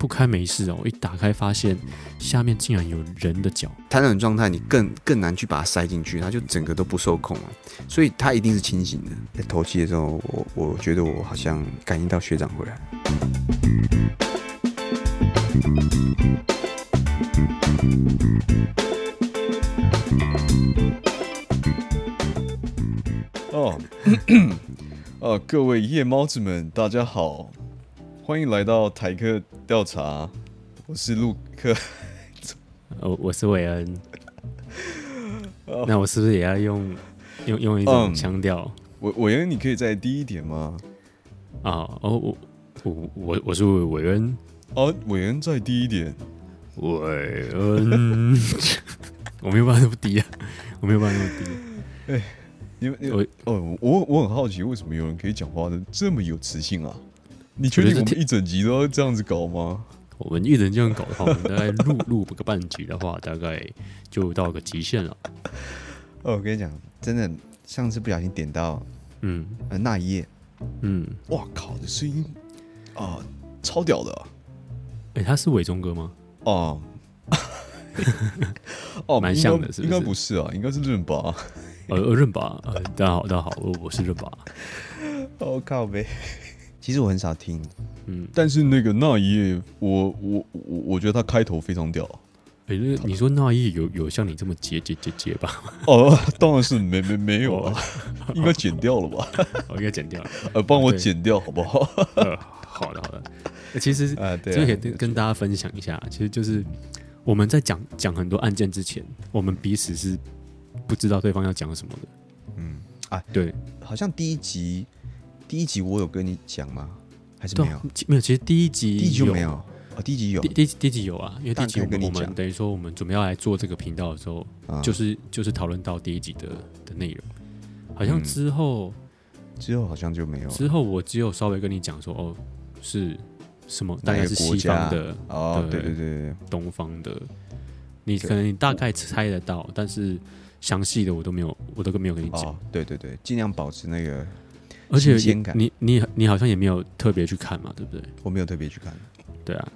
不開沒事哦，一打開發現下面竟然有人的腳。癱軟狀態，你更更難去把它塞進去，它就整個都不受控了，所以它一定是清醒的。在頭七的時候，我我覺得我好像感應到學長回來。哦，咳咳。哦，各位夜貓子們，大家好。歡迎來到台客調查，我是陸克，呃、 哦，我是偉恩。 那我是不是也要用用用一種腔調？我、嗯、偉，偉恩，你可以再低一點嗎？啊，哦，我我我我是偉恩。啊，偉恩再低一點。偉恩， 我沒有辦法那麼低啊，我沒有辦法那麼低。哎、欸，因為我哦，我我很好奇，為什麼有人可以講話的這麼有磁性啊？你覺得一整集都要這樣子搞嗎？我,覺得我們一人這樣搞的話，我們大概錄錄個半集的話，大概就到個極限了、哦。我跟你講，真的，上次不小心點到，嗯，呃，那一頁，嗯，哇靠，這聲音，哦、啊，超屌的。哎、欸，他是偉忠哥嗎？哦，哦，蠻像的，應該是,是應該不是啊？應該是任爸、啊。呃呃、哦，任呃，大家好，大家好，我是任爸。我、哦、靠北。其實我很少聽，嗯，但是那個那一夜，我我我我覺得他開頭非常屌。哎、欸，那、就是，你說那一夜有有像你這麼結結結結吧？ 哦，當然是沒沒沒有了，哦、應該剪掉了吧？應該剪掉，呃、 哎，幫我剪掉好不好？啊 呃、好的好的，好的。其實呃、啊、對、啊，跟跟大家分享一下，覺其實就是我們在講講很多案件之前，我們彼此是不知道對方要講什麼的。嗯，啊對，好像第一集。第一集我有跟你講嗎？還是沒有？沒有、啊。其實第一集有啊、哦，第一集有，第一第一集有啊。因為第一集我們，跟你講我們等於說我們準備要來做這個頻道的時候，啊、就是就是討論到第一集的的內容。好像之後、嗯、之後好像就沒有。之後我只有稍微跟你講說哦，是什麼？大概是西方的哦，的對對對對，東方的。你可能你大概猜得到，對但是詳細的我都沒有，我都沒有跟你講、哦。對對對，盡量保持那個。感而且你你你，你好像也沒有特別去看嘛，對不對？我沒有特別去看。對啊，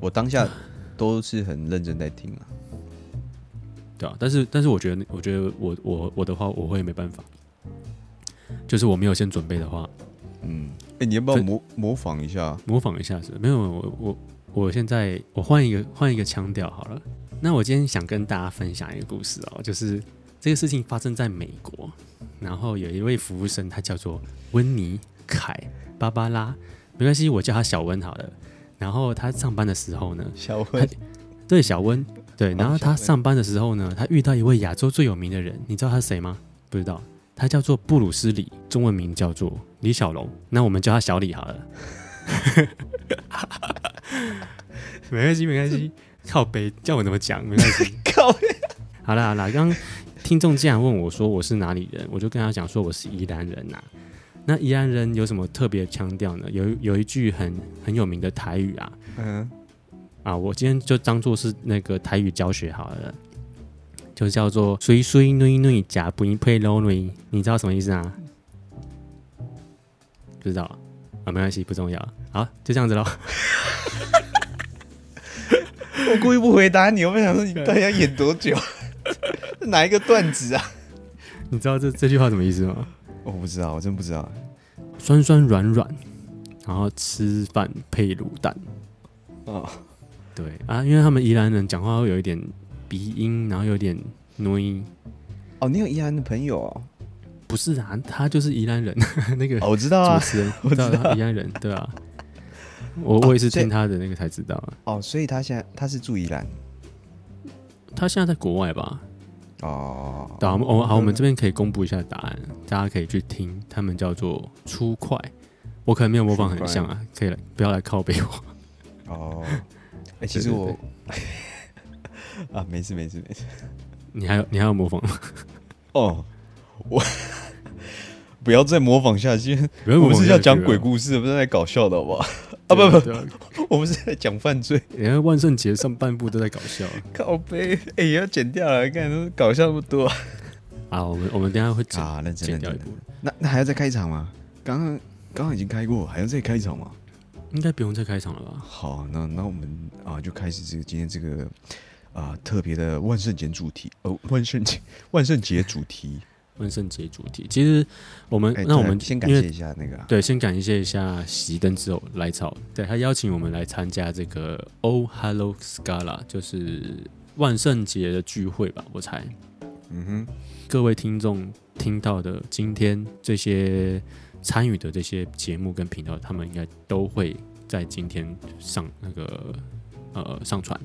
我當下都是很認真在聽啊。對啊，但是但是我覺得我覺得我我我的話我會沒辦法，就是我沒有先準備的話，嗯，哎、欸，你要不要模就模仿一下？模仿一下是沒有，我我我現在我換一個換一個腔調好了。那我今天想跟大家分享一個故事哦、喔，就是這個事情發生在美國。然後有一位服務生，他叫做溫尼凱芭芭拉，沒關係，我叫他小溫好了。然後他上班的時候呢，小溫溫，對小溫，對。然後他上班的時候呢，他遇到一位亞洲最有名的人，你知道他是誰嗎？不知道，他叫做布魯斯李，中文名叫做李小龍。那我們叫他小李好了。 沒關係，沒關係，靠北，叫我怎麼講？沒關係，靠北。好了，好了，剛。聽眾既然問我說我是哪裡人，我就跟他講說我是宜蘭人吶，啊。那宜蘭人有什麼特別腔調呢？有有一句很很有名的台語啊，嗯，啊，我今天就當做是那個台語教學好了，就叫做“水水嫩嫩假不配老”，你知道什麼意思啊？嗯、不知道啊，沒關係，不重要。好，就這樣子嘍。 我故意不回答你，我不想說你到底要演多久？ 哪一個段子啊？ 你知道這這句話什麼意思嗎？我不知道，我真不知道。酸酸軟軟，然後吃飯配滷蛋。哦對啊，因為他們宜蘭人講話會有一點鼻音，然後有一點諾音。哦，你有宜蘭的朋友哦？不是啊，他就是宜蘭人。哦、 那個主持人、哦、我知道啊，我知道，知道他是宜蘭人，對吧、啊？我、哦、我也是聽他的那個才知道啊。哦，所以他現在他是住宜蘭。他現在在國外吧？哦，我們好，我們這邊可以公布一下答案，大家可以去聽，他們叫做出塊，我可能沒有模仿很像啊，出塊可以來，不要來靠背我。哦，哎，其實我 對對對 啊，沒事沒事沒事，你有，你還要你還要模仿嗎？哦、 oh,，我不要再模仿下去，我們是要講鬼故事，不是在搞笑的好不好？啊不不。 我們是在講犯罪，你看，欸、萬聖節上半部都在搞笑， 靠背，哎，欸，也要剪掉了，看搞笑不多啊。我們我們等一下會啊，認真認真。那那還要再開場嗎？剛剛剛剛已經開過，還要再開場嗎？應該不用再開場了吧？好，那那我們啊，就開始這個今天這個啊特別的萬聖節主題，哦，萬聖節萬聖節主題。 萬聖節主題，其實我們、欸、那我們先感謝一下那個、啊，對，先感謝一下熄燈之後來草，對他邀請我們來參加這個 All Hallow's Gala”，就是萬聖節的聚會吧，我猜。嗯哼，各位聽眾聽到的今天這些參與的這些節目跟頻道，他們應該都會在今天上那個呃上傳。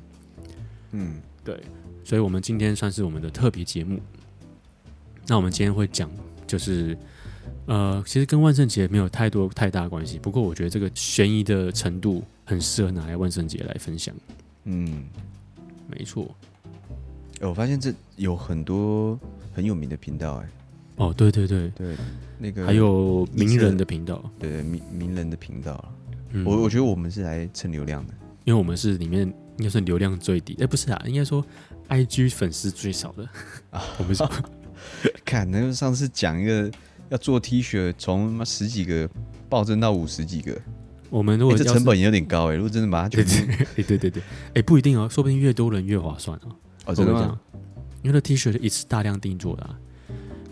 嗯，對，所以我們今天算是我們的特別節目。那我們今天會講，就是，呃，其實跟萬聖節沒有太多太大關係。不過我覺得這個懸疑的程度很適合拿來萬聖節來分享。嗯，沒錯、欸。我發現這有很多很有名的頻道、欸，哎。哦，對對對對，那個還有名人的頻道，對，對名名人的頻道。嗯、我我覺得我們是來蹭流量的，因為我們是裡面應該是流量最低，哎、欸，不是啊，應該說 IG 粉絲最少的，我們是。 看，那個上次講一個要做 T 恤，從十幾個暴增到五十幾個，我們如果、欸、這成本也有點高哎、欸。如果真的把它，對對對對，哎、 欸，不一定哦、喔，說不定越多人越划算啊、喔。哦，真的嗎？因為這 T 恤是一次大量定做的、啊，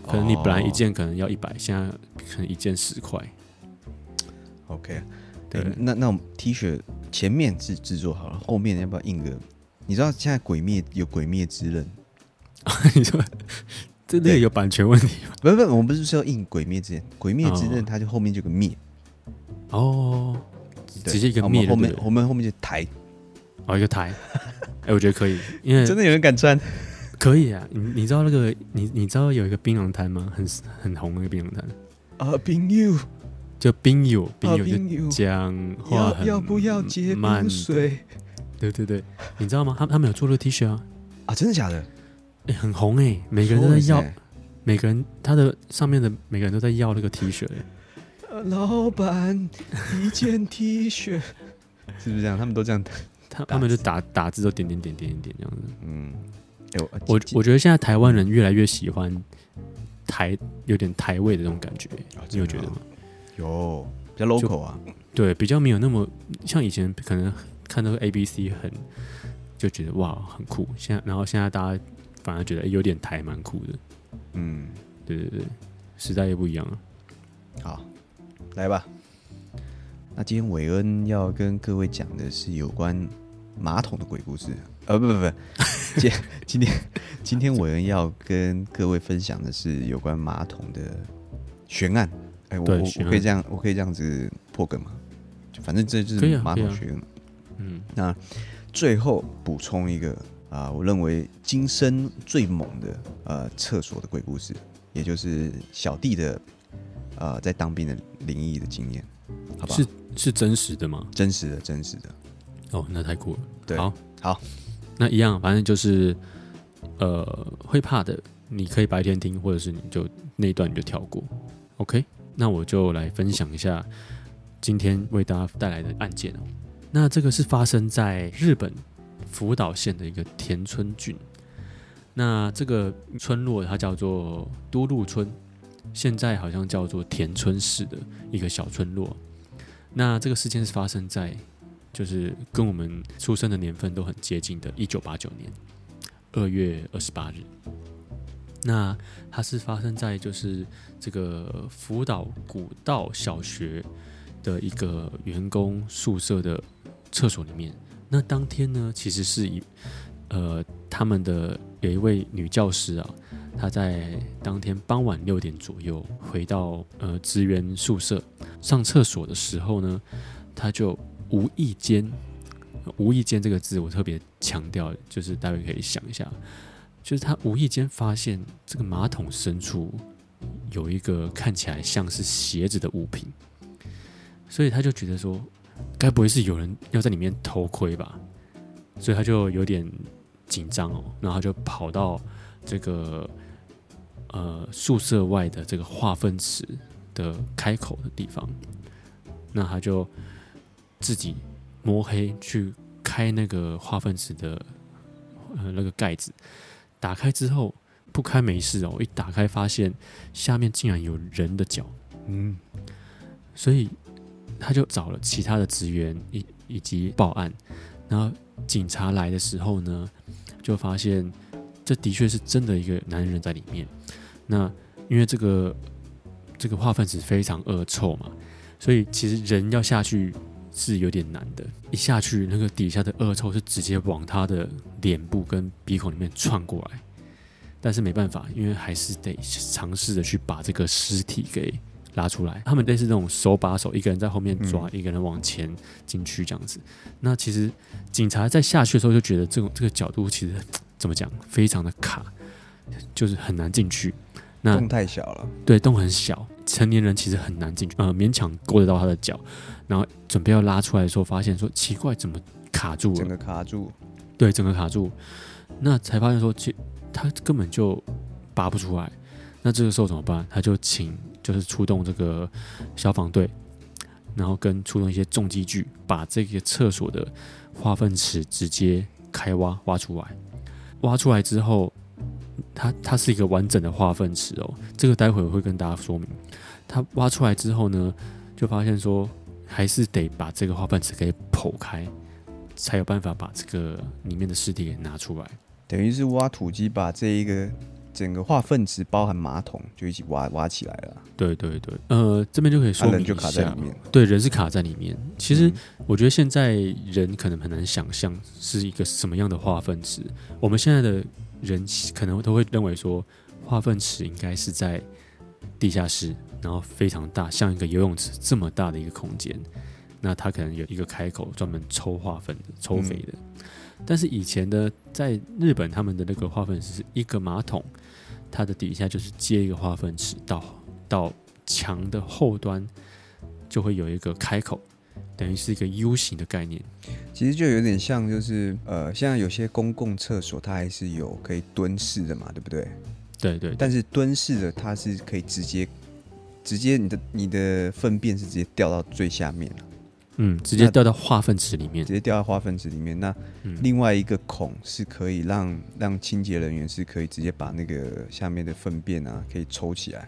可能你本來一件可能要一百、哦，現在可能一件十塊。OK，、欸、對，那那我們 T 恤前面製製作好了，後面要不要印個？你知道現在《鬼滅》有鬼人《鬼滅之刃》，你說。真的有版權問題嗎？不不，我們是不是是要印《鬼滅之刃》《鬼滅之刃》哦，它就後面這個滅哦，對直接一個滅、啊。我們後面我們後面就台哦，一個台。哎、 欸，我覺得可以，因為真的有人敢穿？可以啊，你你知道那個你你知道有一個檳榔攤嗎？很很紅那個檳榔攤啊，冰友，友，友就冰友，冰友就講話很，要不要接滿水？對對對，你知道嗎？他他們有做熱 T 恤啊？啊，真的假的？欸、很紅哎、欸，每個人都在要，欸、每個人他的上面的每個人都在要那個 T 恤、欸。老闆，一件 T 恤， 是不是這樣？他們都這樣他字他們就打打字都點點點點點點這樣子。嗯、欸、我、啊、我，我覺得現在台灣人越來越喜歡台有點台味的那種感覺、欸，啊、你有覺得嗎？有、哦，比較 local 啊，對，比較沒有那麼像以前可能看到 A B C 很就覺得哇很酷，現在然後現在大家。反而覺得有點台蠻酷的。嗯，對對對，時代也不一樣了。好，來吧。那今天韋恩要跟各位講的是有關馬桶的鬼故事。呃、哦，不不不，不 今天，今今天今天韋恩要跟各位分享的是有關馬桶的懸案。哎、欸，我我可以這樣，我可以這樣子破梗嘛？就反正這就是馬桶懸案。嗯、啊，啊、那最後補充一個。啊、呃，我認為今生最猛的呃廁所的鬼故事，也就是小弟的呃在當兵的靈異的經驗，好吧？是是真實的嗎？真實的，真實的。哦，那太酷了。對，好，好那一樣，反正就是呃會怕的，你可以白天聽，或者是你就那一段你就跳過。OK，那我就來分享一下今天為大家帶來的案件哦。那這個是發生在日本。福島縣的一個田村郡，那這個村落它叫做都路村，現在好像叫做田村市的一個小村落。那這個事件是發生在，就是跟我們出生的年份都很接近的，一九八九年二月二十八日。那它是發生在就是這個福島古道小學的一個員工宿舍的廁所裡面。那當天呢，其實是一，呃，他們的有一位女教師啊，她在當天傍晚六點左右回到呃職員宿舍上廁所的時候呢，她就無意間無意間這個字我特別強調，就是大家可以想一下，就是她無意間發現這個馬桶深處有一個看起來像是鞋子的物品，所以她就覺得說。該不會是有人要在裡面偷窺吧？所以他就有點緊張哦，然後他就跑到這個呃宿舍外的這個化糞池的開口的地方，那他就自己摸黑去開那個化糞池的呃那個蓋子，打開之後不開沒事哦，喔，一打開發現下面竟然有人的腳，嗯，所以。他就找了其他的職員以以及報案，然後警察來的時候呢，就發現這的確是真的一個男人在裡面。那因為這個這個化糞池非常惡臭嘛，所以其實人要下去是有點難的。一下去那個底下的惡臭是直接往他的臉部跟鼻孔裡面竄過來，但是沒辦法，因為還是得嘗試着去把這個屍體給。拉出來，他們類似這種手把手，一個人在後面抓，一個人往前進去這樣子。嗯、那其實警察在下去的時候就覺得，這種這個角度其實怎麼講，非常的卡，就是很難進去。那洞太小了，對，洞很小，成年人其實很難進去，呃，勉強夠得到他的腳，然後準備要拉出來的時候，發現說奇怪，怎麼卡住了？整個卡住？對，整個卡住。那才發現說，其實他根本就拔不出來。那這個時候怎麼辦？他就請就是出動這個消防隊，然後跟出動一些重機具，把這個廁所的化糞池直接開挖挖出來。挖出來之後，它它是一個完整的化糞池哦。這個待會我會跟大家說明。他挖出來之後呢，就發現說還是得把這個化糞池給剖開，才有辦法把這個裡面的屍體給拿出來。等於是挖土機把這一個。整個化糞池包含馬桶，就一起挖挖起來了。對對對，呃，這邊就可以說明、啊、人就卡在裡面。對，人是卡在裡面。嗯、其實我覺得現在人可能很難想象，是一個什麼樣的化糞池。我們現在的人可能都會認為說，化糞池應該是在地下室，然後非常大，像一個游泳池這麼大的一個空間。那它可能有一個開口，專門抽化糞的、抽肥的。嗯但是以前呢，在日本他們的那個化糞池是一個馬桶，它的底下就是接一個化糞池到，到到牆的後端就會有一個開口，等於是一個 U 型的概念。其實就有點像，就是呃，像有些公共廁所它還是有可以蹲式的嘛，對不對？對對、對。但是蹲式的它是可以直接直接你的你的糞便是直接掉到最下面了。嗯，直接掉到化糞池裡面，直接掉到化糞池裡面。那另外一個孔是可以讓讓清潔人員是可以直接把那個下面的糞便啊，可以抽起來，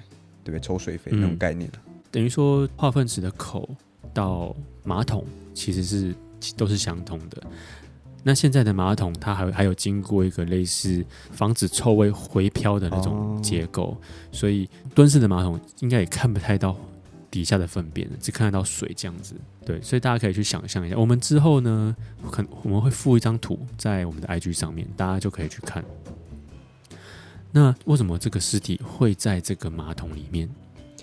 對不對？抽水肥那種、嗯、概念。等於說化糞池的口到馬桶其實是都是相通的。那現在的馬桶它還有還有經過一個類似防止臭味回飄的那種結構，哦、所以蹲式的馬桶應該也看不太到。底下的糞便只看得到水這樣子，對，所以大家可以去想象一下。我們之後呢，可我，我們會附一張圖在我們的 IG 上面，大家就可以去看。那為什麼這個屍體會在這個馬桶裡面？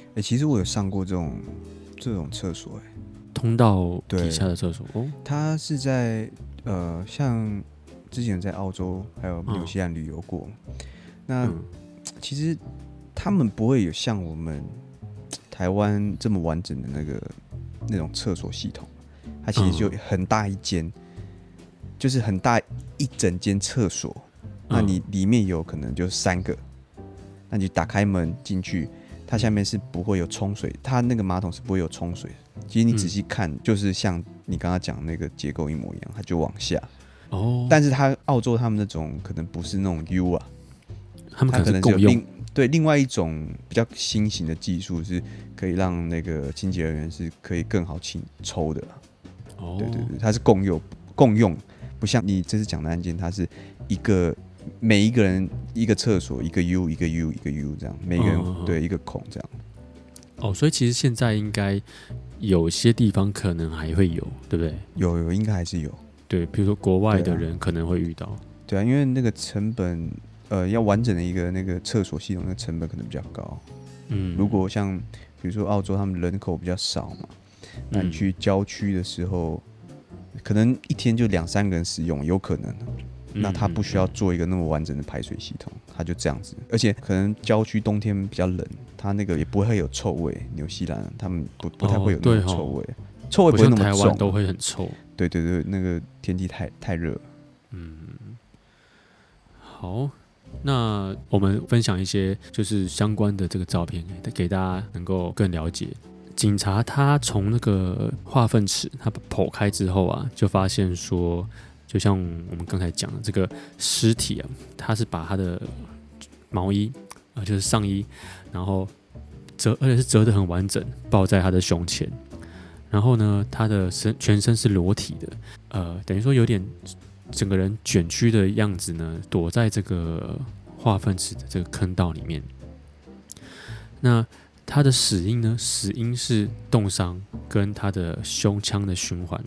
哎、欸，其實我有上過這種這種廁所、欸，哎，通到底下的廁所。哦，它是在呃，像之前在澳洲還有紐西蘭旅遊過。啊、那、嗯、其實他們不會有像我們。台灣這麼完整的那個那種廁所系統，它其實就很大一間，嗯、就是很大一整間廁所。嗯、那你裡面有可能就三個，那你打開門進去，它下面是不會有沖水，嗯、它那個馬桶是不會有沖水。其實你仔細看，嗯、就是像你剛剛講的那個結構一模一樣，它就往下。哦，但是它澳洲他們那種可能不是那種 U 啊。他們可能,共用可能有用，對，另外一種比較新型的技術，是可以讓那個清潔人員是可以更好清抽的。哦，對對對，它是共用，共用，不像你這次講的案件，它是一個每一個人一個廁所一個 U 一個 U 一個 U 這樣，每個人、哦、對一個孔這樣。哦，所以其實現在應該有些地方可能還會有，對不對？有有，應該還是有。對，比如說國外的人可能會遇到。對啊,對啊，因為那個成本。呃，要完整的一個那個廁所系統，那成本可能比較高。嗯，如果像比如說澳洲，他們人口比較少嘛，那你、嗯、去郊區的時候，可能一天就兩三個人使用，有可能，嗯、那他不需要做一個那麼完整的排水系統，嗯嗯、他就這樣子。而且可能郊區冬天比較冷，它那個也不會有臭味。紐西蘭他們不不太會有那種臭味，哦哦、臭味不會那麼重。台灣都會很臭。對對對，那個天氣太太熱。嗯，好。那我們分享一些就是相關的這個照片，給大家能夠更了解。警察他從那個化糞池他剖開之後啊，就發現說，就像我們剛才講的這個屍體啊，他是把他的毛衣啊、呃，就是上衣，然後折而且是折得很完整，抱在他的胸前。然後呢，他的身全身是裸體的，呃，等於說有點整個人卷曲的樣子呢，躲在這個。化糞池的這個坑道裡面，那他的死因呢？死因是凍傷，跟他的胸腔的循環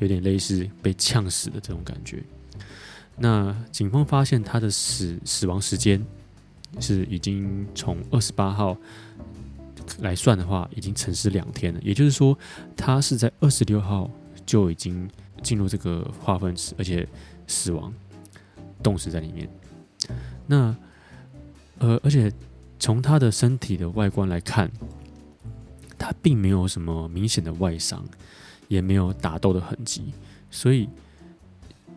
有點類似被嗆死的這種感覺。那警方發現他的死死亡時間是已經從二十八號來算的話，已經陳屍兩天了。也就是說，他是在二十六號就已經進入這個化糞池，而且死亡凍死在裡面。那，呃，而且從他的身體的外觀來看，他並沒有什麼明顯的外傷，也沒有打鬥的痕跡，所以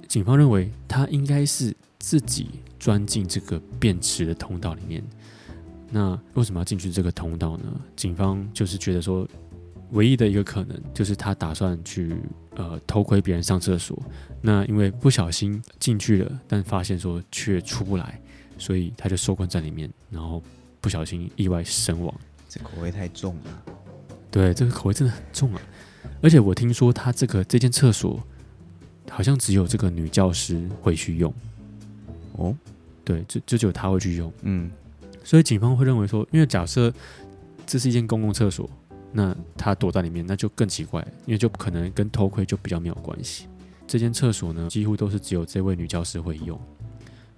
警方認為他應該是自己鑽進這個便池的通道裡面。那為什麼要進去這個通道呢？警方就是覺得說，唯一的一個可能就是他打算去呃偷窺別人上廁所，那因為不小心進去了，但發現說卻出不來。所以他就受困在裡面，然後不小心意外身亡。這口味太重了。對，這個口味真的很重啊！而且我聽說他這個這間廁所好像只有這個女教師會去用。哦，對，就，就只有他會去用。嗯，所以警方會認為說，因為假設這是一間公共廁所，那他躲在裡面那就更奇怪，因為就可能跟偷窺就比較沒有關係。這間廁所呢，幾乎都是只有這位女教師會用。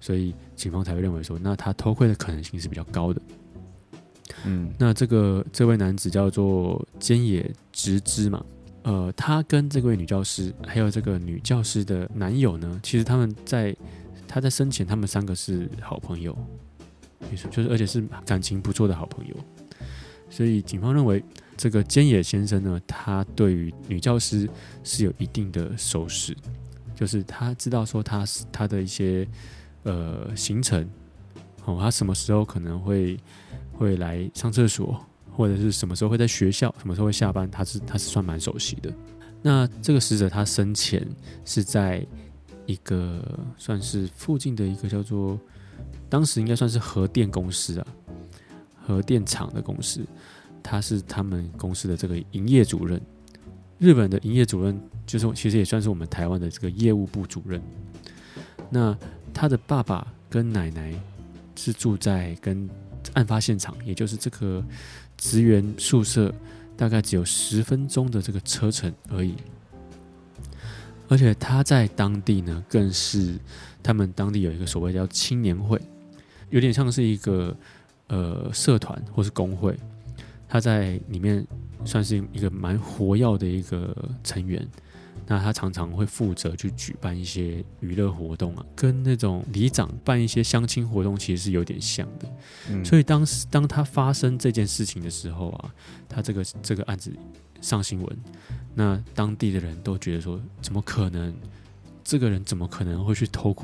所以警方才會認為說，那他偷窺的可能性是比較高的。嗯，那這個這位男子叫做間野直之嘛，呃，他跟這位女教師還有這個女教師的男友呢，其實他們在他在生前，他們三個是好朋友，沒錯，就是而且是感情不錯的好朋友。所以警方認為，這個間野先生呢，他對於女教師是有一定的熟識，就是他知道說他是他的一些。呃，行程哦，他什麼時候可能會會來上廁所，或者是什麼時候會在學校，什麼時候會下班，他是他是算蠻熟悉的。那這個死者他生前是在一個算是附近的一個叫做，當時應該算是核電公司啊，核電廠的公司，他是他們公司的這個營業主任。日本的營業主任就是其實也算是我們台灣的這個業務部主任。那他的爸爸跟奶奶是住在跟案發現場，也就是這個職員宿舍，大概只有十分鐘的這個車程而已。而且他在當地呢，更是他們當地有一個所謂叫青年會，有點像是一個呃社團或是工會，他在裡面算是一個蠻活躍的一個成員。那他常常會負責去舉辦一些娛樂活動啊，跟那種里長辦一些相親活動其實是有點像的。嗯、所以當時當他發生這件事情的時候啊，他這個這個案子上新聞，那當地的人都覺得說，怎麼可能？這個人怎麼可能會去偷窺？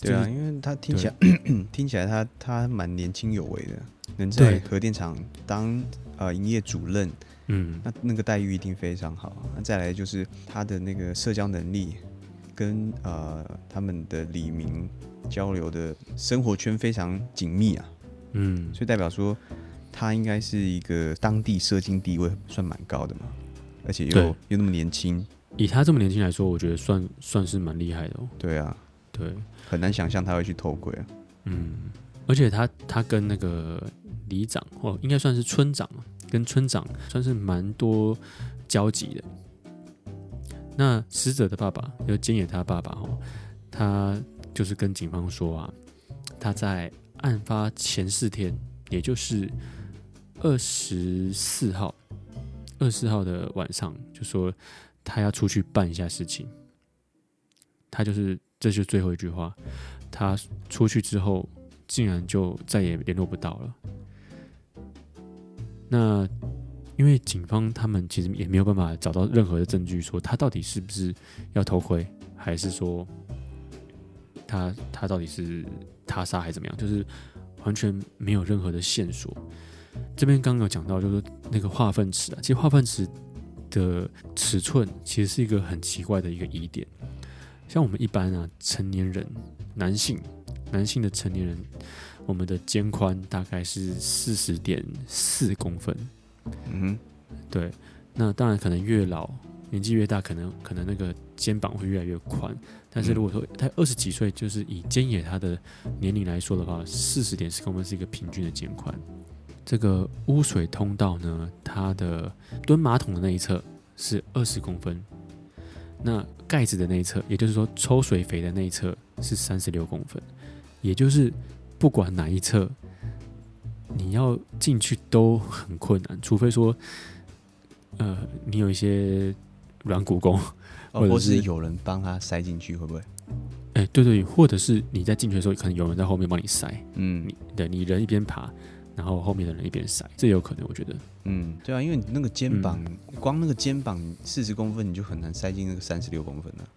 對，對啊，因為他聽起來對 聽起來他他蠻年輕有為的，能在核電廠當對呃營業主任。嗯，那那個待遇一定非常好、啊。那再來就是他的那個社交能力跟，跟呃他們的里民交流的生活圈非常緊密啊。嗯，所以代表說他應該是一個當地社經地位算蠻高的嘛。而且又對又那麼年輕，以他這麼年輕來說，我覺得算算是蠻厲害的、喔。對啊，對，很難想象他會去偷窺啊。嗯，而且他他跟那個里長或、哦、應該算是村長。跟村長算是蠻多交集的。那死者的爸爸，就今野他爸爸哦，他就是跟警方說啊，他在案發前四天，也就是二十四號，二十四號的晚上，就說他要出去辦一下事情。他就是，這是最後一句話。他出去之後，竟然就再也聯絡不到了。那，因為警方他們其實也沒有辦法找到任何的證據，說他到底是不是要偷窺，還是說他他到底是他殺還是怎麼樣，就是完全沒有任何的線索。這邊剛剛有講到，就是那個化糞池啊，其實化糞池的尺寸其實是一個很奇怪的一個疑點。像我們一般啊，成年人、男性、男性的成年人。我們的肩寬大概是四十點四公分，嗯，對。那當然可能越老，年紀越大，可能可能那個肩膀會越來越寬。但是如果說他二十幾歲，就是以肩野他的年齡來說的話，四十點四公分是一個平均的肩寬。這個汙水通道呢，它的蹲馬桶的那一側是二十公分，那蓋子的那一側，也就是說抽水肥的那一側是三十六公分，也就是。不管哪一側，你要進去都很困難，除非說，呃，你有一些軟骨功，或者是，、哦、或是有人幫他塞進去，會不會？哎、欸，對，對對，或者是你在進去的時候，可能有人在後面幫你塞。嗯，對，你人一邊爬，然後後面的人一邊塞，這有可能，我覺得。嗯，對啊，因為那個肩膀，嗯、光那個肩膀四十公分，你就很難塞進那個三十六公分的，啊。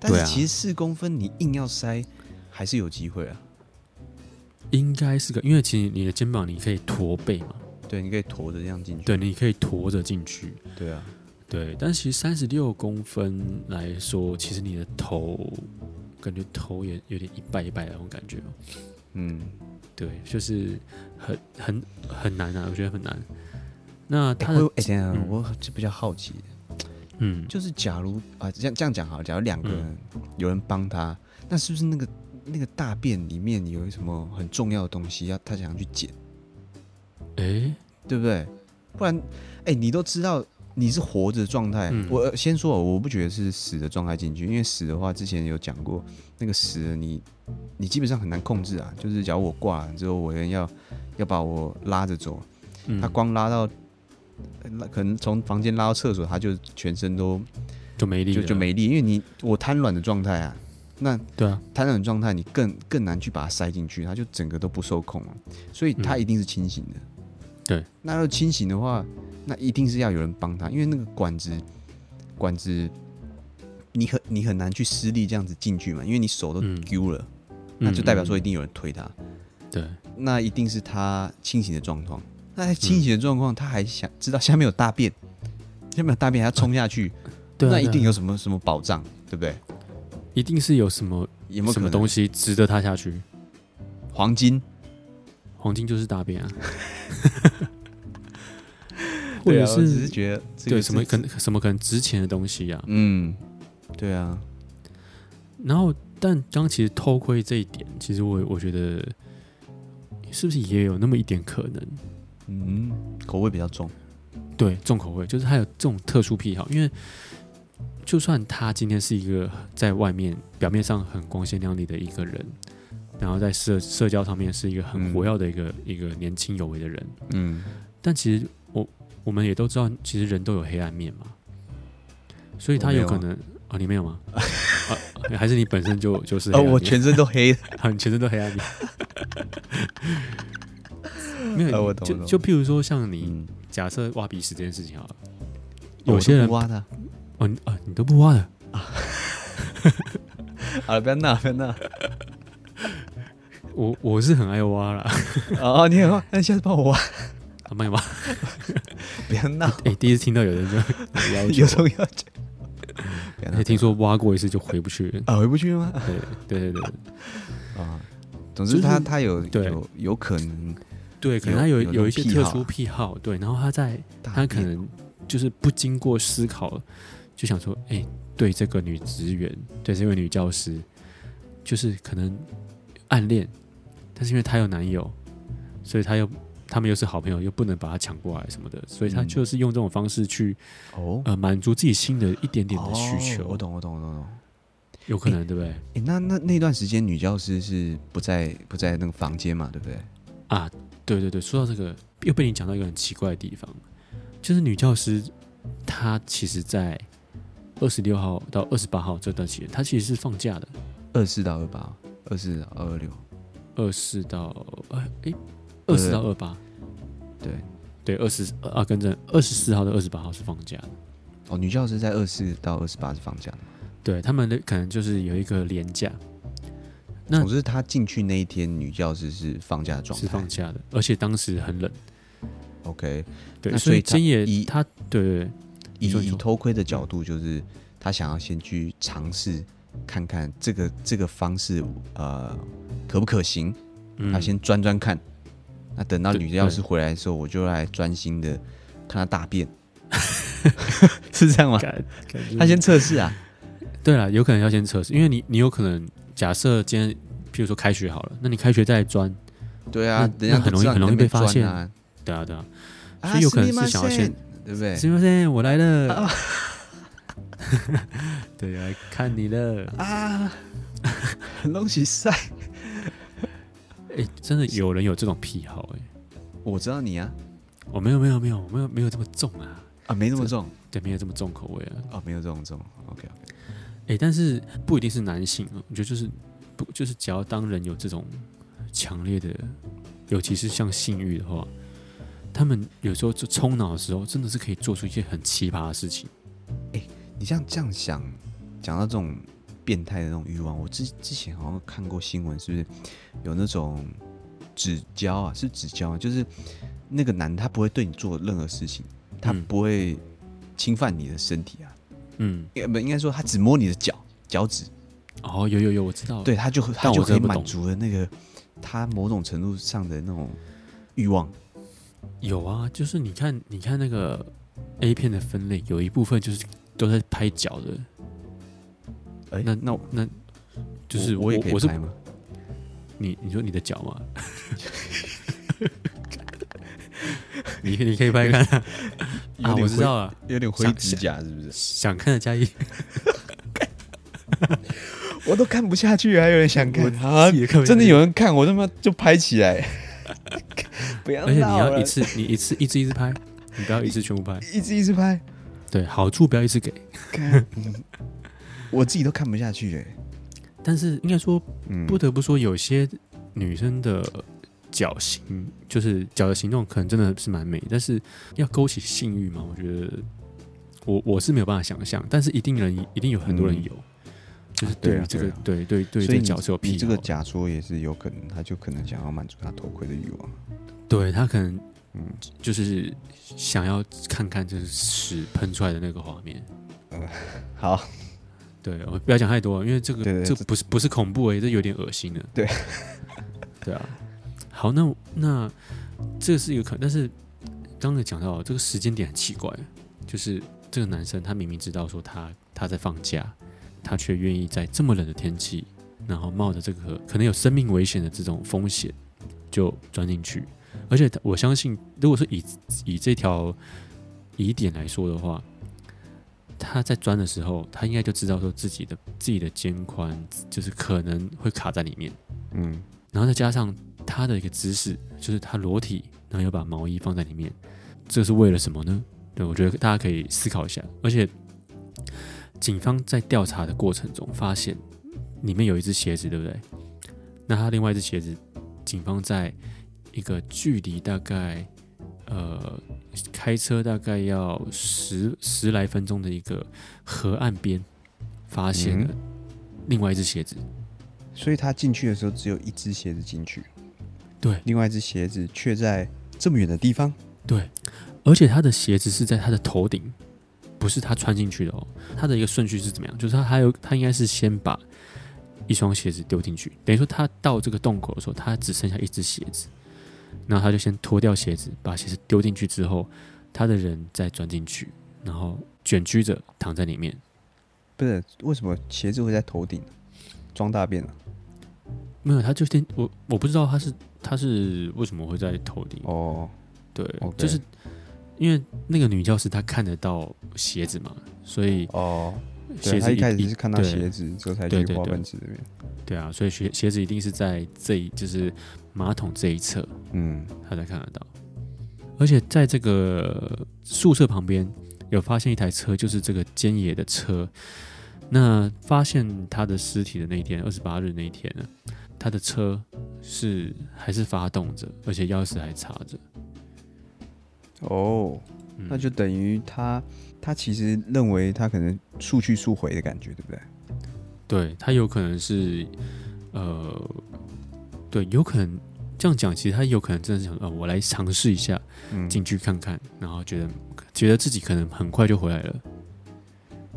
但是其實四公分，你硬要塞，還是有機會啊。應該是個，因為其實你的肩膀，你可以駝背嘛，對，你可以駝着這樣進去，對，你可以駝着進去，對啊，對，但其實三十六公分來說，其實你的頭感覺頭也有點一敗一敗的那種感覺，嗯，對，就是很很很難啊，我覺得很難。那他會這樣，我、欸嗯、我是比較好奇，嗯，就是假如啊，這樣這樣講好，假如兩個人有人幫他，嗯、那是不是那個？那個大便裡面有什麼很重要的東西？要他想去撿？哎、欸，對不對？不然，哎、欸，你都知道你是活着的狀態。嗯、我先說，我不覺得是死的狀態進去，因為死的話，之前有講過，那個死你，你你基本上很難控制啊。就是假如我掛了之後我，我人要要把我拉着走，嗯、他光拉到，可能從房間拉到廁所，他就全身都就沒力了，就就沒力，因為你我癱軟的狀態啊。那對啊，那種狀態你更更難去把它塞進去，它就整個都不受控了，啊，所以它一定是清醒的。嗯、對，那要清醒的話，那一定是要有人幫他，因為那個管子管子，你很你很難去施力這樣子進去嘛，因為你手都丟了，嗯、那就代表說一定有人推他，嗯嗯嗯。對，那一定是他清醒的狀況。那清醒的狀況，他、嗯、還想知道下面有大便，下面有大便，還要衝下去，啊對啊對啊，那一定有什麼什麼保障，對不對？一定是有什麼有什麼東西值得他下去？黃金，黃金就是大便啊！或者是覺得這對什麼可什麼可能值錢的東西呀、啊？嗯，對啊。然後，但剛其實偷窺這一點，其實我我覺得是不是也有那麼一點可能？嗯，口味比較重，對，重口味就是他有這種特殊癖好，因為。就算他今天是一個在外面表面上很光鮮亮麗的一個人，然後在社社交上面是一個很活躍的一個、嗯、一個年輕有為的人，嗯，但其實我我們也都知道，其實人都有黑暗面嘛，所以他有可能有啊、哦，你沒有嗎、？ 啊？還是你本身就就是、哦、我全身都黑，很、 啊、全身都黑暗面。沒 有、哦，我懂、就就譬如說，像你、嗯、假設挖鼻屎這件事情好了，有些人挖他哦，你啊，你都不挖的啊？好了，不要鬧，不要鬧。我我是很愛挖啦。哦，你很愛挖，那下次幫我挖，好，幫你挖。不要鬧。誒，第一次聽到有人說有什麼要求。聽說挖過一次就回不去啊？回不去嗎？對對對對。啊，總之他他有有有可能對，可能他有有一些特殊癖好對，然後他在他可能就是不經過思考。就想說，誒、欸，對這個女職員，對這位女教師，就是可能暗戀，但是因為她有男友，所以她又他們又是好朋友，又不能把她搶過來什麼的，所以她就是用這種方式去、嗯、哦，呃，滿足自己新的一點點的需求。哦、我懂，我懂，我懂我懂，有可能、欸、對不對？欸、那那那段時間，女教師是不在不在那個房間嘛，對不對？啊，對對對，說到這個，又被你講到一個很奇怪的地方，就是女教師她其實在。二十六號到二十八號這段時間，他其實是放假的。二十四到二八，二十四二二六，二十四到哎哎，二四到二八，對對，二十啊，更正二十四號到二十八號是放假的。哦，女教師在二十四到二十八是放假的。對，他們的可能就是有一個連假。那總之，他進去那一天，女教師是放假的狀態，是放假的，而且當時很冷。OK，對，那所以真野他對。所以說，以偷窺的角度，就是他想要先去嘗試看看這個這個方式，呃，可不可行？嗯，他先鑽鑽看。那等到女的要是回來的時候，我就來專心的看他大便， 是這樣嗎？他先測試啊？對啊，有可能要先測試，因為你你有可能假設今天，譬如說開學好了，那你開學再鑽，對啊那，那很容易很容易被發現，啊對啊對啊，所以有可能是想要先。對不對？行不行？我來了，啊、 對、啊，來看你了啊！東西曬，誒，真的有人有這種癖好誒、欸，我知道你啊，我、哦、沒，沒有，沒有，沒有，沒有，沒有這麼重啊啊，沒那麼重這，對，沒有這麼重口味啊。啊、哦，沒有這種重，OK 啊、okay. 欸。但是不一定是男性啊，我覺得就是不就是，只要、就是、當人有這種強烈的，尤其是像性欲的話。他們有時候就衝腦的時候，真的是可以做出一些很奇葩的事情。哎、欸，你這樣這樣想，講到這種變態的那種欲望，我之之前好像看過新聞，是不是有那種指交啊？是指交，就是那個男他不會對你做任何事情，嗯、他不會侵犯你的身體啊。嗯，不，應該說他只摸你的腳腳趾。哦，有有有，我知道了。對，他就他就可以滿足了那個的他某種程度上的那種欲望。有啊，就是你看，你看那個 A 片的分類，有一部分就是都在拍腳的。那那、欸、那，那我那就是我，我也可以拍嗎？你你說你的腳嗎？ 你你可以拍看啊，我知道了，有點灰指甲是不是？想，想看的加一，我都看不下去，啊，還有人想看啊！看真的有人看，我他媽就拍起來。而且你要一次， 你一次一次一次拍，你不要一次全部拍，一次一次拍。對，好處不要一次給，看 我自己都看不下去哎。但是應該說，不得不說，有些女生的腳型，就是腳的行動可能真的是蠻美。但是要勾起性慾嘛，我覺得我我是沒有辦法想象但是一定人一定有很多人有，嗯、就是對於這個、啊對，啊對，啊、對對對，對有。所以你，你這個假說也是有可能，他就可能想要滿足他偷窺的慾望。對他可能，嗯，就是想要看看就是屎噴出來的那個畫面。嗯、好，對，我不要講太多，因為這個對對對這不是這不是恐怖哎、欸，這有點噁心的。對，對啊。好，那那這是一個可，但是剛才講到這個時間點很奇怪、啊，就是這個男生他明明知道說他他在放假，他卻願意在這麼冷的天氣，然後冒着這個可能有生命危險的這種風險，就鑽進去。而且，我相信，如果說以以這條疑點來說的話，他在鑽的時候，他應該就知道說自己的自己的肩寬就是可能會卡在裡面，嗯，然後再加上他的一個姿勢，就是他裸體，然後又把毛衣放在裡面，這是為了什麼呢？對我覺得大家可以思考一下。而且，警方在調查的過程中發現，裡面有一隻鞋子，對不對？那他另外一隻鞋子，警方在。一個距離大概，呃，開車大概要十十來分鐘的一個河岸邊，發現另外一隻鞋子。嗯，所以他進去的時候只有一隻鞋子進去，對，另外一隻鞋子卻在這麼遠的地方。對，而且他的鞋子是在他的頭頂，不是他穿進去的哦。他的一個順序是怎麼樣？就是他還有他應該是先把一雙鞋子丟進去，等於說他到這個洞口的時候，他只剩下一隻鞋子。那他就先脫掉鞋子，把鞋子丟進去之後，他的人再鑽進去，然後卷曲着躺在裡面。不是為什麼鞋子會在頭頂？裝大便了、啊？沒有，他就先我我不知道他是他是為什麼會在頭頂？哦，oh, 對，okay. 就是因為那個女教師她看得到鞋子嘛，所以哦。Oh. 對鞋子一，他一開始是看到鞋子，對之後才去化糞池裡面。對啊，所以鞋鞋子一定是在這一就是馬桶這一側，嗯，他才看得到。而且在這個宿舍旁邊有發現一台車，就是這個間野的車。那發現他的屍體的那一天，二十八日那一天呢，他的車是還是發動着，而且鑰匙還插着。哦。那就等於他，他其實認為他可能速去速回的感覺，對不對？對，他有可能是，呃，對，有可能這樣講，其實他有可能真的想，呃，我來嘗試一下進去看看，嗯、然後覺得覺得自己可能很快就回來了，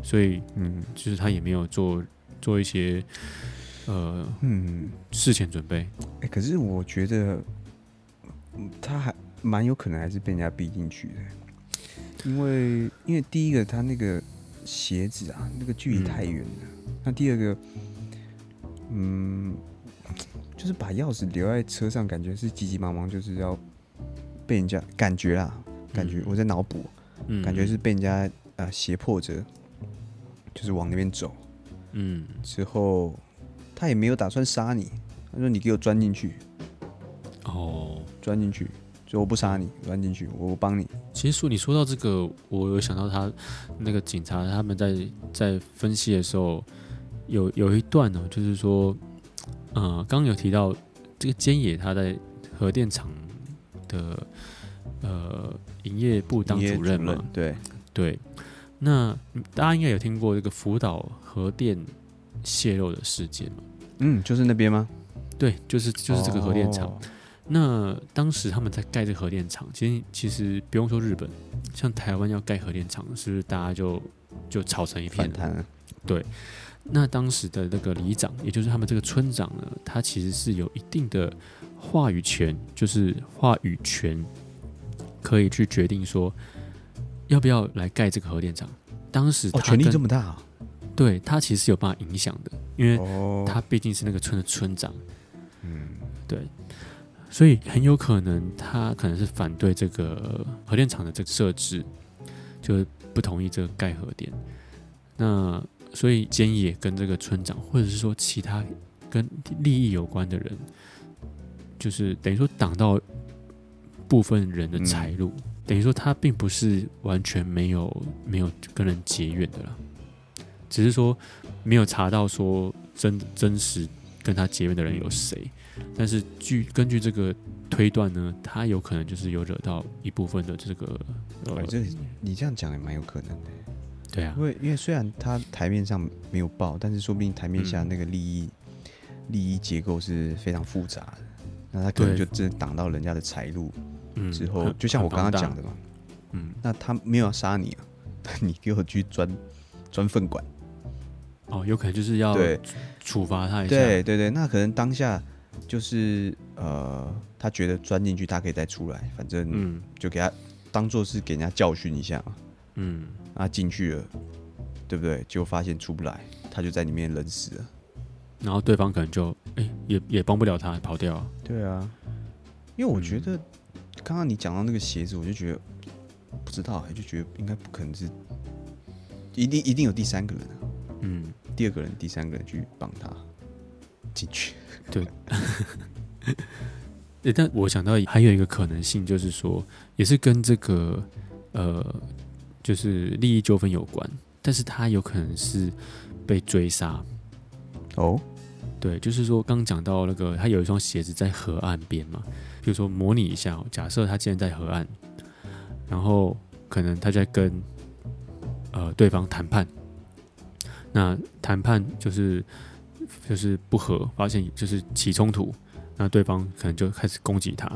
所以，嗯，就是他也沒有做做一些，呃，嗯，事前準備。哎、欸，可是我覺得、嗯、他還蠻有可能還是被人家逼進去的。因為，因為第一個他那個鞋子啊，那個距離太遠了。嗯、那第二個，嗯，就是把鑰匙留在車上，感覺是急急忙忙，就是要被人家感覺啦，嗯、感覺我在腦補，嗯、感覺是被人家啊、呃、脅迫着，就是往那邊走。嗯，之後他也沒有打算殺你，他說你給我鑽進去，哦，鑽進去。我不殺你，軟進去，我幫你。其實說你說到這個，我有想到他那個警察他們在在分析的時候，有有一段呢、啊，就是說，嗯、呃，剛剛有提到這個菅野他在核電廠的呃營業部當主任嘛？任對對。那大家應該有聽過這個福島核電泄漏的事件嗎？嗯，就是那邊嗎？對，就是就是這個核電廠。哦那當時他們在蓋這個核電廠，其實其實不用說日本，像台灣要蓋核電廠，是不是大家就就吵成一片了？反彈、啊、對，那當時的那個里長，也就是他們這個村長呢，他其實是有一定的話語權，就是話語權可以去決定說要不要來蓋這個核電廠。當時他、哦、權力這麼大、啊，對他其實有辦法影響的，因為他畢竟是那個村的村長。嗯、哦，對。所以很有可能他可能是反對這個核電廠的這個設置，就是、不同意這個蓋核電。那所以菅野跟這個村長，或者是說其他跟利益有關的人，就是等於說擋到部分人的財路，嗯、等於說他並不是完全沒有沒有跟人結怨的了，只是說沒有查到說真真實跟他結怨的人有誰。嗯但是據根據這個推斷呢，他有可能就是有惹到一部分的這個，反、呃、正你這樣講也蠻有可能的，對啊，因為因為雖然他台面上沒有報，但是說不定台面下那個利益、嗯、利益結構是非常複雜的，那他可能就真擋到人家的財路，之後、嗯、就像我剛剛講的嘛，嗯，那他沒有要殺你啊，但你給我去鑽鑽糞管，哦，有可能就是要對處罰他一下，對對對，那可能當下。就是呃，他覺得鑽進去，他可以再出來，反正就給他、嗯、當做是給人家教訓一下嘛。嗯，那進去了，對不對？就發現出不來，他就在裡面冷死了。然後對方可能就哎、欸，也也幫不了他，跑掉啊。對啊，因為我覺得、嗯、剛剛你講到那個鞋子，我就覺得不知道，就覺得應該不可能是一定一定有第三個人、啊。嗯，第二個人、第三個人去幫他進去。對、 欸，但我想到還有一個可能性，就是說，也是跟這個呃，就是利益糾紛有關，但是他有可能是被追殺。哦，對，就是說，剛講到那個，他有一雙鞋子在河岸邊嘛，比如說模擬一下，假設他現在在河岸，然後可能他在跟呃對方談判，那談判就是。就是不合，發現就是起衝突，那對方可能就開始攻擊他。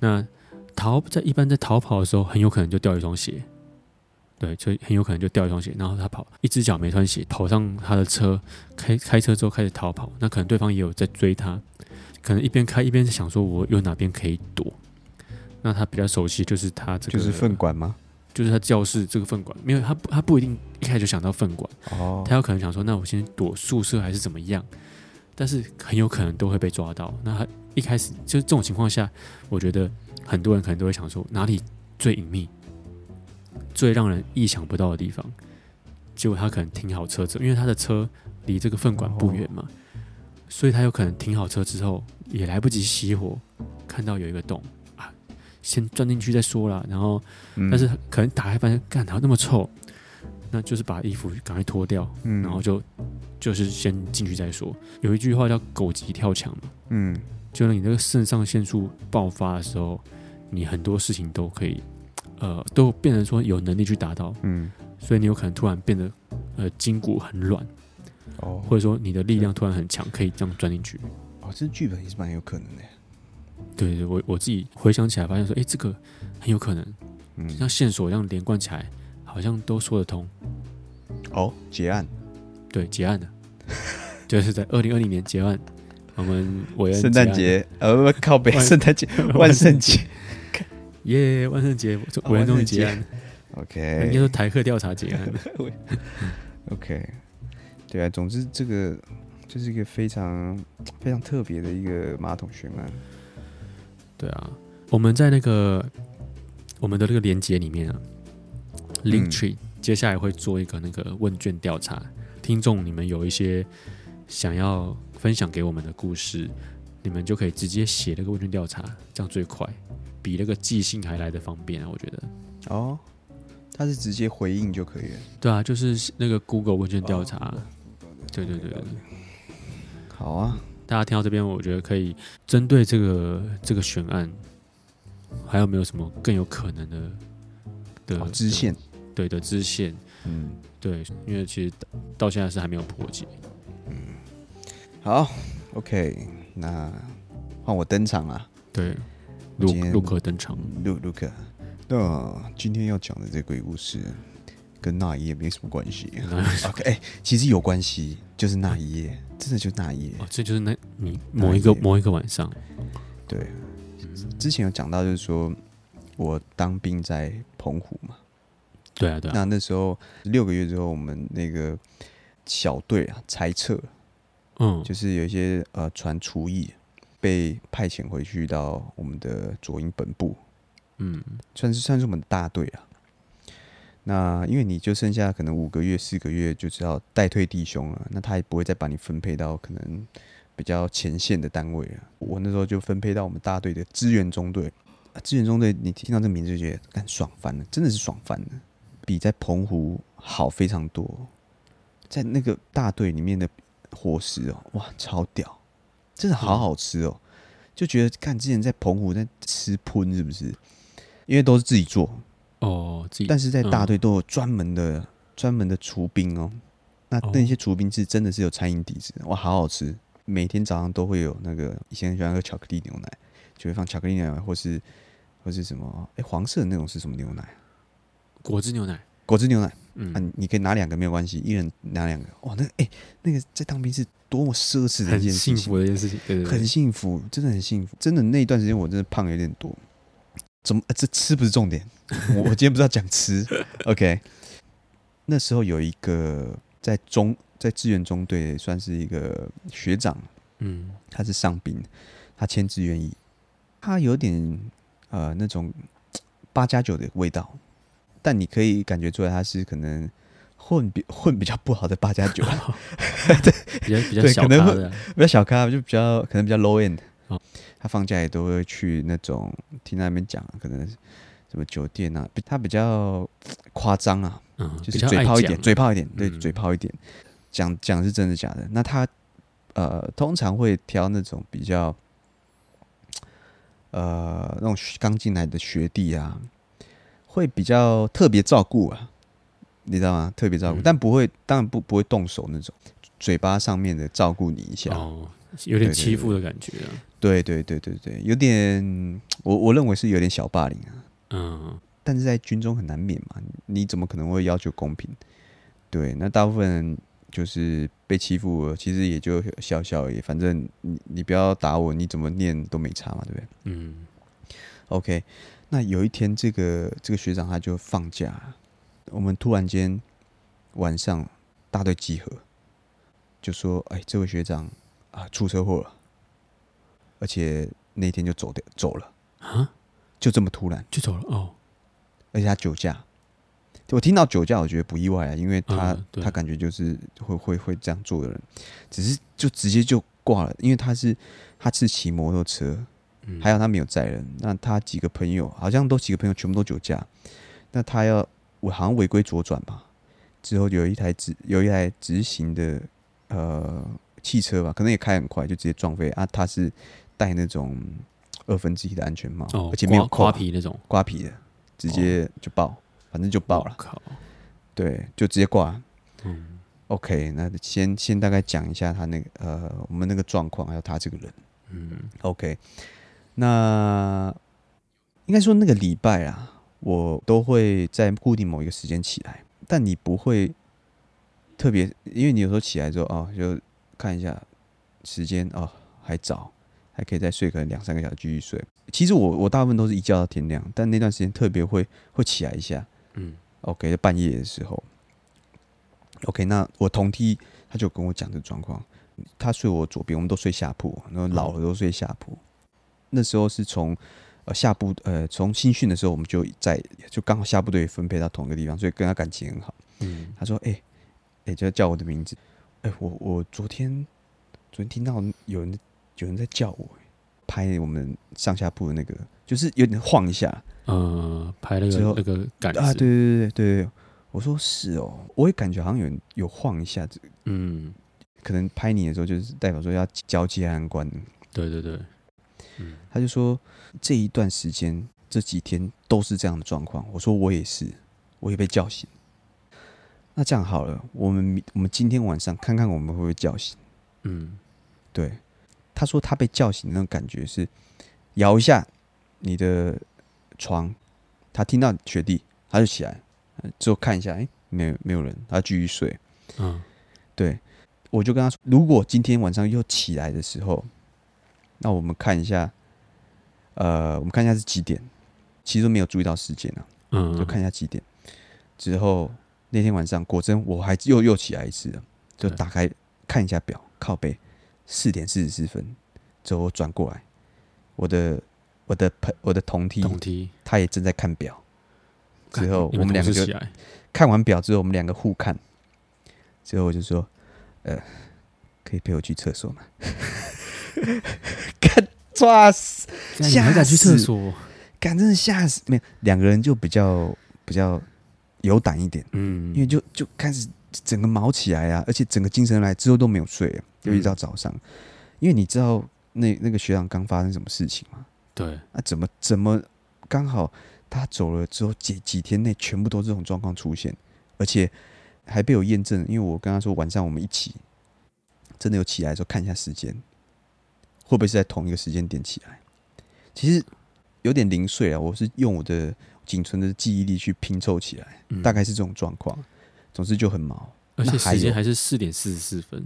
那逃在一般在逃跑的時候，很有可能就掉一雙鞋，對，就很有可能就掉一雙鞋。然後他跑，一隻腳沒穿鞋，跑上他的車，開開車之後開始逃跑。那可能對方也有在追他，可能一邊開一邊想說，我有哪邊可以躲？那他比較熟悉，就是他這個就是糞管嗎？就是他教室這個糞管，沒有他，他不一定一開始就想到糞管。哦，他有可能想說，那我先躲宿舍還是怎麼樣？但是很有可能都會被抓到。那他一開始就是這種情況下，我覺得很多人可能都會想說，哪裡最隱秘、最讓人意想不到的地方？結果他可能停好車子，因為他的車離這個糞管不遠嘛，所以他有可能停好車之後也來不及熄火，看到有一個洞。先鑽進去再說啦，然後，嗯、但是可能打開發現，幹，然後那麼臭？那就是把衣服趕快脫掉，嗯，然後就就是先進去再說。有一句話叫“狗急跳牆”嘛，嗯，就是你這個腎上腺素爆發的時候，你很多事情都可以，呃，都變成說有能力去達到，嗯，所以你有可能突然變得，呃，筋骨很軟，哦，或者說你的力量突然很強，可以這樣鑽進去。哦，這劇本也是蠻有可能的。對，我我自己回想起來，發現說，哎、欸，這個很有可能，嗯、像線索一樣連貫起來，好像都說得通。哦，結案，對結案的， 就是在二零二零年結案。我們，聖誕節呃不不靠北，聖誕節，萬聖節，耶，萬聖節我，終於結案。OK，我應該說台客調查結案。 OK，對啊，總之這個就是一個非常非常特別的一個馬桶懸案啊。對啊，我們在那個我們的那個連接裡面啊，Linktree，嗯、接下來會做一個那個問卷調查。聽眾，你們有一些想要分享給我們的故事，你們就可以直接寫那個問卷調查，這樣最快，比那個寄信還來得方便啊！我覺得。哦，他是直接回應就可以了。對啊，就是那個 Google 問卷調查，哦，對，對對對對，好啊。大家聽到這邊，我覺得可以針對這個這個懸案，還有沒有什麼更有可能的的支線、哦？對的支線，嗯，對，因為其實到，到現在是還沒有破解。嗯，好，OK，那換我登場了。對，陸陸可登場。陸陸可，那、哦、今天要講的這個鬼故事，跟那一夜沒什麼關係。關係 OK，哎、欸，其實有關係，就是那一夜。真的就那一夜、哦，這就是那某一個那野某一個晚上。對，嗯、之前有講到，就是說我當兵在澎湖嘛。對啊，對啊，對。那那時候六個月之後，我們那個小隊啊猜測，嗯，就是有一些呃傳廚藝被派遣回去到我們的左營本部，嗯，算是算是我們的大隊啊。那因為你就剩下可能五個月、四個月就知道待退弟兄了，那他也不會再把你分配到可能比較前線的單位了。我那時候就分配到我們大隊的支援中隊、啊，支援中隊你聽到這個名字就覺得很爽翻了，真的是爽翻了，比在澎湖好非常多、哦。在那個大隊裡面的伙食哦，哇，超屌，真的好好吃哦，就覺得看之前在澎湖在吃噴是不是？因為都是自己做。哦，嗯、但是在大隊都有專門的專、嗯、門的廚兵哦。那那些廚兵是真的是有餐飲底子，哦、哇，好好吃！每天早上都會有那個，以前很喜歡喝巧克力牛奶，就會放巧克力牛奶，或是或是什麼，哎、欸，黃色的那種是什麼牛奶？果汁牛奶，果汁牛奶。嗯、啊，你可以拿兩個沒有關係，一人拿兩個。哇，那哎、欸，那個在當兵是多麼奢侈的一件、件事情，很幸福，真的很幸福。真的那一段時間我真的胖有點多。怎麼、呃，這吃不是重點。我今天不知道講吃。 OK，那時候有一個在中在志願中隊，算是一個學長。嗯，他是上兵，他簽志願役，他有點呃那種八加九的味道，但你可以感覺出來，他是可能混比混比較不好的八加九。 比較 對，比較比較小咖，啊可能，比較小咖，就比較可能比較 low end。哦、他放假也都會去那種，聽他那邊講、啊，可能什麼酒店啊，他比較誇張啊，嗯、就是嘴炮一點，啊、嘴炮一點，對，嗯、嘴炮一點，講講是真的假的。那他呃，通常會挑那種比較呃那種剛進來的學弟啊，會比較特別照顧啊，你知道嗎？特別照顧，嗯、但不會，當然不不會動手那種，嘴巴上面的照顧你一下，哦，有點欺負的感覺、啊。對對對對對對對對，有點，我我認為是有點小霸凌啊。嗯，但是在軍中很難免嘛，你怎麼可能會要求公平？對，那大部分就是被欺負了，其實也就笑笑而已。反正你你不要打我，你怎麼念都沒差嘛，對不對？嗯。OK，那有一天這個這個學長他就放假，我們突然間晚上大隊集合，就說：“哎，這位學長啊，出車禍了。”而且那天就走掉走了啊，蛤就這麼突然就走了哦。而且他酒駕，我聽到酒駕，我覺得不意外啊，因為他、嗯、他感覺就是會會會這樣做的人，只是就直接就掛了，因為他是他是騎摩托車，嗯、還有他沒有載人。那他幾個朋友好像都幾個朋友全部都酒駕，那他要我好像違規左轉吧，之後有一台直有一台直行的呃汽車吧，可能也開很快，就直接撞飛啊，他是。戴那種二分之一的安全帽，哦、而且沒有瓜，瓜皮那種瓜皮的，直接就爆，哦、反正就爆了。哦、靠對，就直接掛。嗯、OK，那先先大概講一下他那個呃，我們那個狀況，還有他這個人。嗯、OK，那應該說那個禮拜啊，我都會在固定某一個時間起來，但你不會特別，因為你有時候起來之後啊、哦，就看一下時間啊、哦，還早。還可以再睡個兩三個小時，繼續睡。其實我我大部分都是一覺到天亮，但那段時間特別會會起來一下。嗯，OK，半夜的時候，OK，那我同梯他就跟我講這個狀況。他睡我左邊，我們都睡下鋪，然後老的都睡下鋪。嗯，那時候是從呃下部呃從新訓的時候，我們就在就剛好下部隊分配到同一個地方，所以跟他感情很好。嗯，他說：“哎，哎，就叫我的名字。哎，我我昨天昨天聽到有人。有人在叫我，拍我們上下鋪的那個，就是有點晃一下。呃、嗯，拍那個之後那個感覺啊，對對對，對對對，我說是哦，我也感覺好像有人有晃一下子、這個。嗯，可能拍你的時候，就是代表說要交接安官。對對對，嗯、他就說這一段時間這幾天都是這樣的狀況。我說我也是，我也被叫醒。那這樣好了，我們明我們今天晚上看看我們會不會叫醒。嗯，對。他說他被叫醒的那種感覺是，搖一下你的床，他聽到雪地他就起來，之後看一下，哎、欸，沒有沒有人，他繼續睡。嗯，對，我就跟他說，如果今天晚上又起來的時候，那我們看一下，呃，我們看一下是幾點，其實都沒有注意到時間啊，嗯，就看一下幾點。之後那天晚上果真我還又又起來一次了，就打開看一下表，對靠北。四點四十四分，之後我轉過來，我的我的朋我的同梯同梯，他也正在看表，幹之後我們兩個就看完表之後，我們兩個互看，之後我就說，呃，可以陪我去廁所嗎？看 抓死，你還敢去廁所？嚇死！敢真的嚇死！沒有，兩個人就比較比較有膽一點，嗯，嗯，因為就就開始。整個毛起來啊，而且整個精神來之後都沒有睡，就一直到早上。嗯、因為你知道那那個學長剛發生什麼事情嗎？對啊，怎麼？怎麼怎麼剛好他走了之後幾幾天內全部都這種狀況出現，而且還被我驗證，因為我跟他說，晚上我們一起真的有起來的時候看一下時間，會不會是在同一個時間點起來？其實有點零碎啊，我是用我的僅存的記憶力去拼湊起來，大概是這種狀況。嗯。總之就很毛，而且時間還是四點四十四分。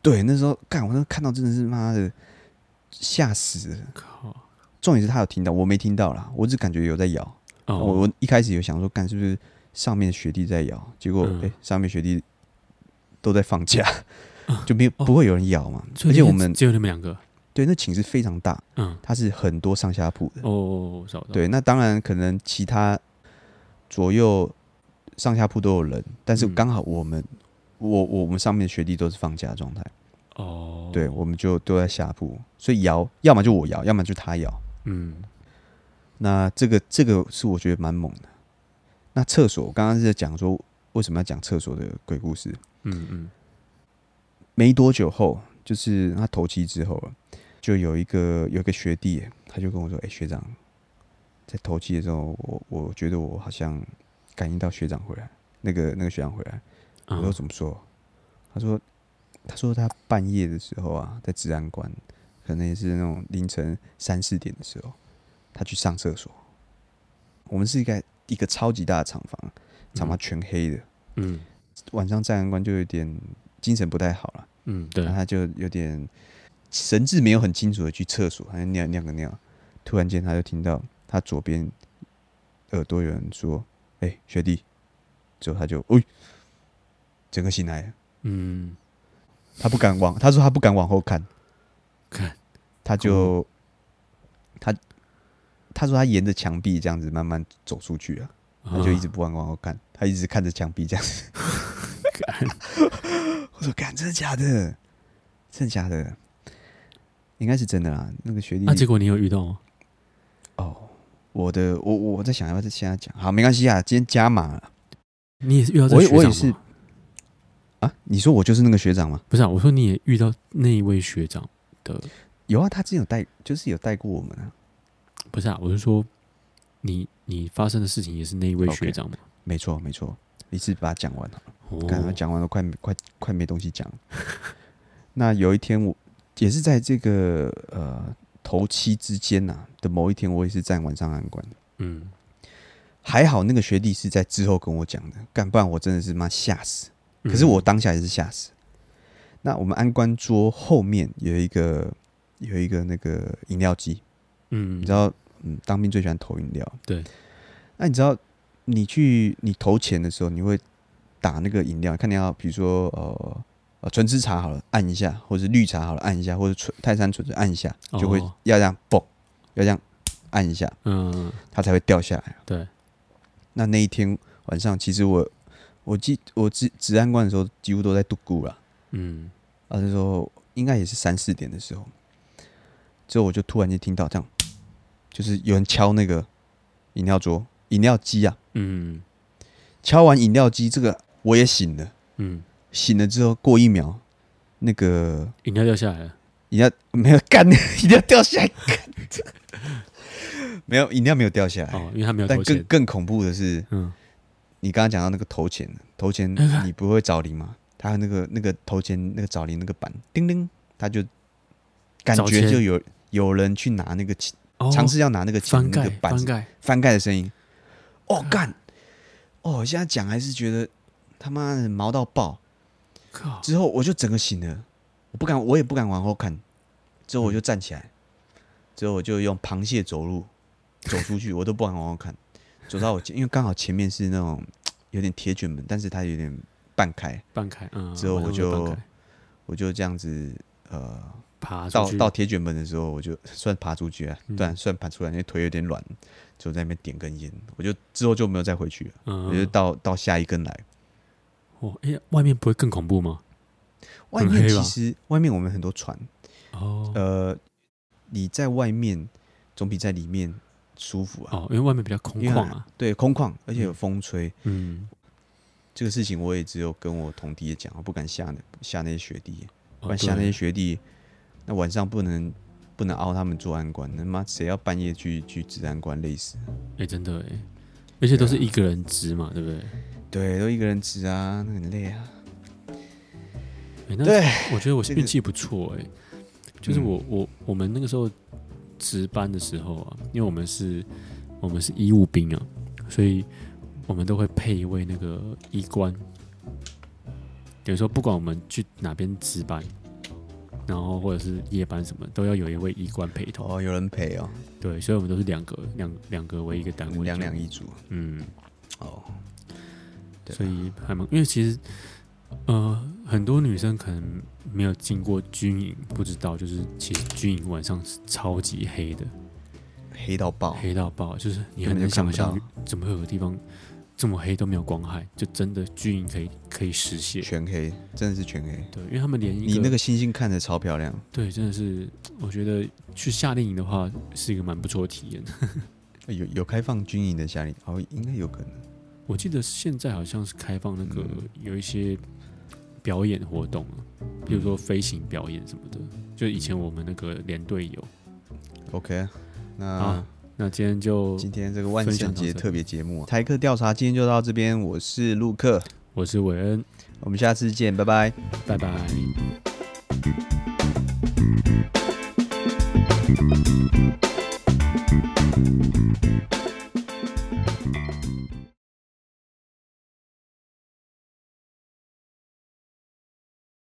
對，那時候幹，我那看到真的是媽的，嚇死了！靠，重點是他有聽到，我沒聽到啦，我只感覺有在咬。我我一開始有想說，幹是不是上面的學弟在咬？結果哎，上面學弟都在放假，就沒有不會有人咬嘛。而且我們只有他們兩個，對，那寢室非常大，嗯，它是很多上下鋪的。哦哦哦，曉得。對，那當然可能其他左右。上下鋪都有人，但是剛好我們，嗯、我我，我們上面的學弟都是放假狀態哦，對，我們就都在下鋪，所以搖，要麼就我搖，要麼就他搖，嗯，那這個這個是我覺得蠻猛的。那廁所剛剛是在講說，為什麼要講廁所的鬼故事，嗯嗯，沒多久後，就是他頭七之後了，就有一個有一個學弟，他就跟我說，哎、欸，學長，在頭七的時候，我我覺得我好像。感應到學長回來，那個那個學長回來，我說我怎麼說？嗯，他說：“他說他半夜的時候啊，在治安官，可能也是那種凌晨三四點的時候，他去上廁所。我們是一個一個超級大的廠房，廠房全黑的。嗯，晚上治安官就有點精神不太好了。嗯，對，然後他就有點神志沒有很清楚的去廁所，他就尿尿個尿。突然間，他就聽到他左邊耳朵有人說。”哎、欸，學弟，最後他就哎、欸，整個醒來了，嗯，他不敢往，他說他不敢往後看，看，God, 他就 God. 他他說他沿着牆壁這樣子慢慢走出去了，oh. 他就一直不敢往後看，他一直看着牆壁這樣子。 God. 我說幹，真的假的？真的假的。應該是真的啦。那個學弟，那、啊、結果你有遇到哦？哦。Oh. 我的我我在想要不要再現在講，好沒關係啊，今天加碼了。你也是遇到這個學長嗎？我也我也是啊？你說我就是那個學長嗎？不是啊，我說你也遇到那一位學長的。有啊，他之前有帶，就是有帶過我們啊。不是啊，我是說你你發生的事情也是那一位學長嗎？Okay, 沒錯沒錯，一次把它講完了。剛剛講完了，哦、看他講完都快快快沒東西講。 那有一天我也是在這個呃頭七之間吶、啊。的某一天，我也是在晚上安官的。嗯，還好那個學弟是在之後跟我講的，幹不然我真的是媽嚇死。可是我當下也是嚇死。那我們安官桌後面有一個有一個那個飲料機，嗯，你知道，嗯，當兵最喜歡投飲料。對。那你知道，你去你投錢的時候，你會打那個飲料，看你要比如說呃，純喫茶好了，按一下，或者是綠茶好了，按一下，或者純泰山純水按一下，就會要這樣嘣。要這樣按一下，嗯，它才會掉下來。對，那那一天晚上，其實我我記我值值暗官的時候，幾乎都在獨孤了。嗯，而是、啊、說應該也是三四點的時候，之後我就突然間聽到這樣，就是有人敲那個飲料桌飲料機啊。嗯，敲完飲料機，這個我也醒了。嗯，醒了之後過一秒，那個飲料掉下來了，飲料沒有幹，飲料掉下來。幹 沒有飲料，沒有掉下來。哦、但更更恐怖的是，嗯，你剛剛講到那個頭前頭前，你不會找零嗎？他那個那個頭前那個找零那個板，叮叮，他就感覺就有前有人去拿那個，嘗試要拿那個錢的那個板，哦，翻蓋的聲音。哦幹！哦，我現在講還是覺得他媽的毛到爆。靠之後我就整個醒了，我不敢，我也不敢往後看。之後我就站起來，之後我就用螃蟹走路。 走出去，我都不敢往後看。走到我前，因為剛好前面是那種有點鐵捲門，但是它有點半開。半開，嗯。之後我就我，我就這樣子呃，爬到到鐵捲門的時候，我就算爬出去了，嗯、對，算爬出來，因為腿有點軟，就在那邊點根煙。我就之後就沒有再回去了，嗯、我就到到下一根來。哦，哎、欸，外面不會更恐怖嗎？外面其實外面我們很多船哦，呃，你在外面總比在裡面。舒服啊、哦！因為外面比較空曠啊，對，空曠，而且有風吹。嗯，嗯，這個事情我也只有跟我同梯也講，我不敢下那下那些學弟，萬下那些學弟。哦，那晚上不能不能熬他們做安官，他媽誰要半夜去去值安官？累死。哎、欸，真的哎，而且都是一個人值嘛，對不對？對，都一個人值啊，很累啊。哎，那我覺得我運氣不錯哎，的就是我、嗯、我我們那個時候。值班的時候啊，因為我們是，我們是醫務兵啊，所以我們都會配一位那個醫官。等於說，不管我們去哪邊值班，然後或者是夜班什麼，都要有一位醫官陪同。哦，有人陪哦。對，所以我們都是兩個兩兩個為一個單位。兩兩一組，嗯，哦，對啊，所以還蠻，因為其實。呃，很多女生可能沒有經過軍營，不知道，就是其實軍營晚上是超級黑的，黑到爆，黑到爆，就是你很難想象，怎麼會有地方這麼黑都沒有光害，就真的軍營可以可以實現全黑，真的是全黑。對，因為他們連一個你那個星星看着超漂亮。對，真的是，我覺得去夏令營的話是一個蠻不錯的體驗。 有有開放軍營的夏令，哦，應該有可能。我記得現在好像是開放那個、嗯、有一些。表演活動啊，比如說飛行表演什麼的，就以前我們那個連隊有。OK，那、啊、那今天就今天這個萬聖節特別節目、啊，台客調查今天就到這邊。我是陸克，我是韋恩，我們下次見，拜拜，拜拜。